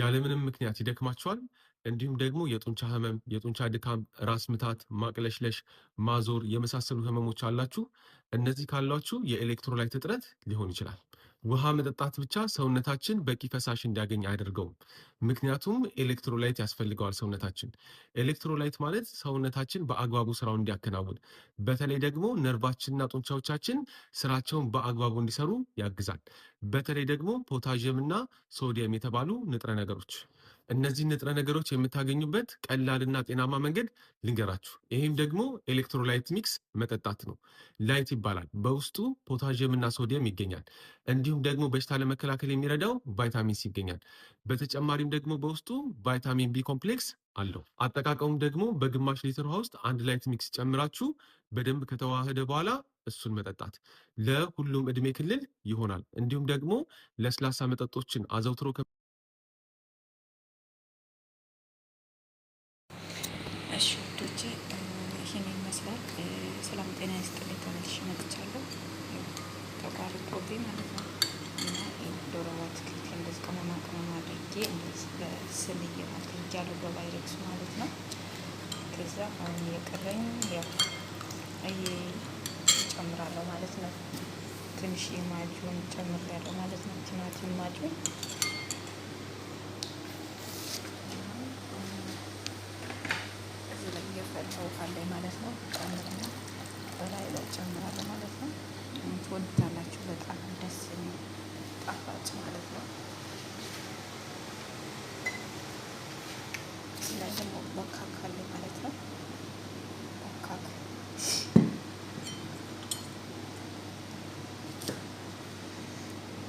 ያለምንም ምክንያት ይደክማቸዋል። እንዲሁም ደግሞ የጡንቻ ህመም፣ የጡንቻ ድካም፣ ራስ ምታት፣ ማቅለሽለሽ፣ ማዞር የመሳሰሉ ህመሞች አላችሁ። እነዚህ ካሏችሁ የኤሌክትሮላይት እጥረት ሊሆን ይችላል። ውሃ መጠጣት ብቻ ሰውነታችን በቂ ፈሳሽ እንዲያገኝ አያደርገውም። ምክንያቱም ኤሌክትሮላይት ያስፈልገዋል ሰውነታችን። ኤሌክትሮላይት ማለት ሰውነታችን በአግባቡ ስራው እንዲያከናውን፣ በተለይ ደግሞ ነርቫችንና ጡንቻዎቻችን ስራቸውን በአግባቡ እንዲሰሩ ያግዛል። በተለይ ደግሞ ፖታዥየምና ሶዲየም የተባሉ ንጥረ ነገሮች እነዚህ ንጥረ ነገሮች የምታገኙበት ቀላልና ጤናማ መንገድ ልንገራችሁ። ይህም ደግሞ ኤሌክትሮላይት ሚክስ መጠጣት ነው። ላይት ይባላል። በውስጡ እና ሶዲየም ይገኛል። እንዲሁም ደግሞ በሽታ ለመከላከል የሚረዳው ቫይታሚንስ ይገኛል። በተጨማሪም ደግሞ በውስጡ ቫይታሚን ቢ ኮምፕሌክስ አለው። አጠቃቀሙም ደግሞ በግማሽ ሊትር ውሃ ውስጥ አንድ ላይት ሚክስ ጨምራችሁ በደንብ ከተዋህደ በኋላ እሱን መጠጣት ለሁሉም እድሜ ክልል ይሆናል። እንዲሁም ደግሞ ለስላሳ መጠጦችን አዘውትሮ ጤና ይስጥልኝ። ተመልሼ መጥቻለሁ። ተቋርጦብኝ ማለት ነው ዶሮ እንደዚህ ቅመማ አድርጌ እንደዚህ በስል በቫይረክስ ማለት ነው። ከዛ አሁን የቀረኝ ያው እጨምራለሁ ማለት ነው። ትንሽ ጨምሬያለሁ ማለት ነው። ቲማቲም እዚህ ላይ እየፈላሁ ማለት ነው ጨምርና በላይ ላይ ጨምራለ ማለት ነው። ትወዱታላችሁ። በጣም ደስ የሚል ጣፋጭ ማለት ነው። ላይ ደግሞ ቦካክ አለ ማለት ነው። ቦካክ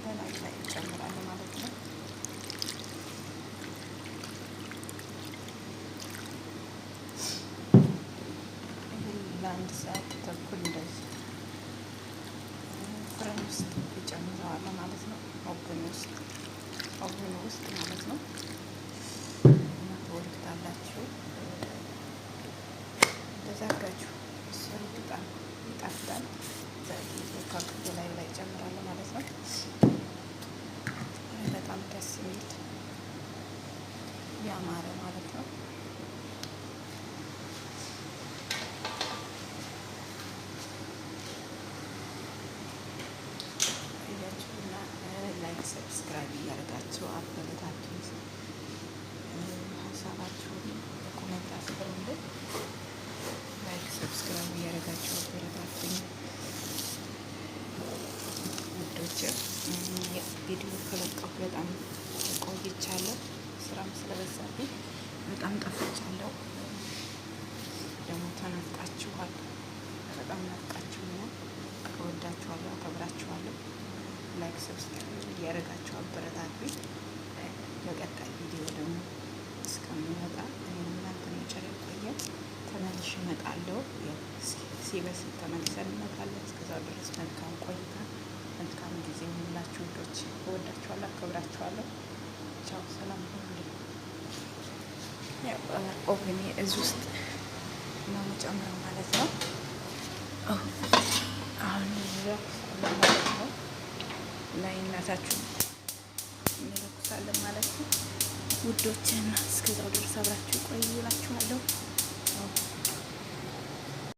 በላይ ላይ ጨምራለሁ ለአንድ ሰዓት ተኩል እንደዚህ ፍረን ውስጥ ይጨምረዋለሁ ማለት ነው። ኦብን ውስጥ ኦብን ውስጥ ማለት ነው እና ትወዱታላችሁ። እንደዛጋችሁ ስሩ። በጣም ይጣፍጣል። ከቅቤ ላይ ላይ ይጨምራለሁ ማለት ነው። በጣም ደስ የሚል ያማረ ማለት ነው። ላይክ፣ ሰብስክራይብ እያደረጋችሁ አበረታችሁ። ሀሳባችሁን በኮሜንት አስፈሩልን። ላይክ፣ ሰብስክራይብ እያደረጋችሁ አበረታቱኝ ውዶች። ቪዲዮ ከለቀኩ በጣም ቆይቻለሁ። ስራም ስለበዛብኝ በጣም ጠፍቻለሁ። ደግሞ ተናፍቃችኋል። በጣም ናፍቃችሁ ነው። እወዳችኋለሁ፣ አከብራችኋለሁ። ላይክ፣ ሰብስክራይብ እያደረጋችሁ አበረታቱኝ። በቀጣይ ቪዲዮ ደግሞ እስከምንመጣ እኔም እናንተን ቸር ያቆየን። ተመልሼ እመጣለሁ። ሲበስል ተመልሰን እንመጣለን። እስከዛው ድረስ መልካም ቆይታ፣ መልካም ጊዜ ሁላችሁ ውዶች። እወዳችኋለሁ፣ አከብራችኋለሁ። ቻው፣ ሰላም ሁሉ ኦቨኔ እዚ ውስጥ ነው መጨምረው ማለት ነው። አሁን ማለት ነው ላይ እናታችሁ እንለኩሳለን ማለት ነው ውዶችን። እስከዛው ድረስ አብራችሁ ቆይላችኋለሁ።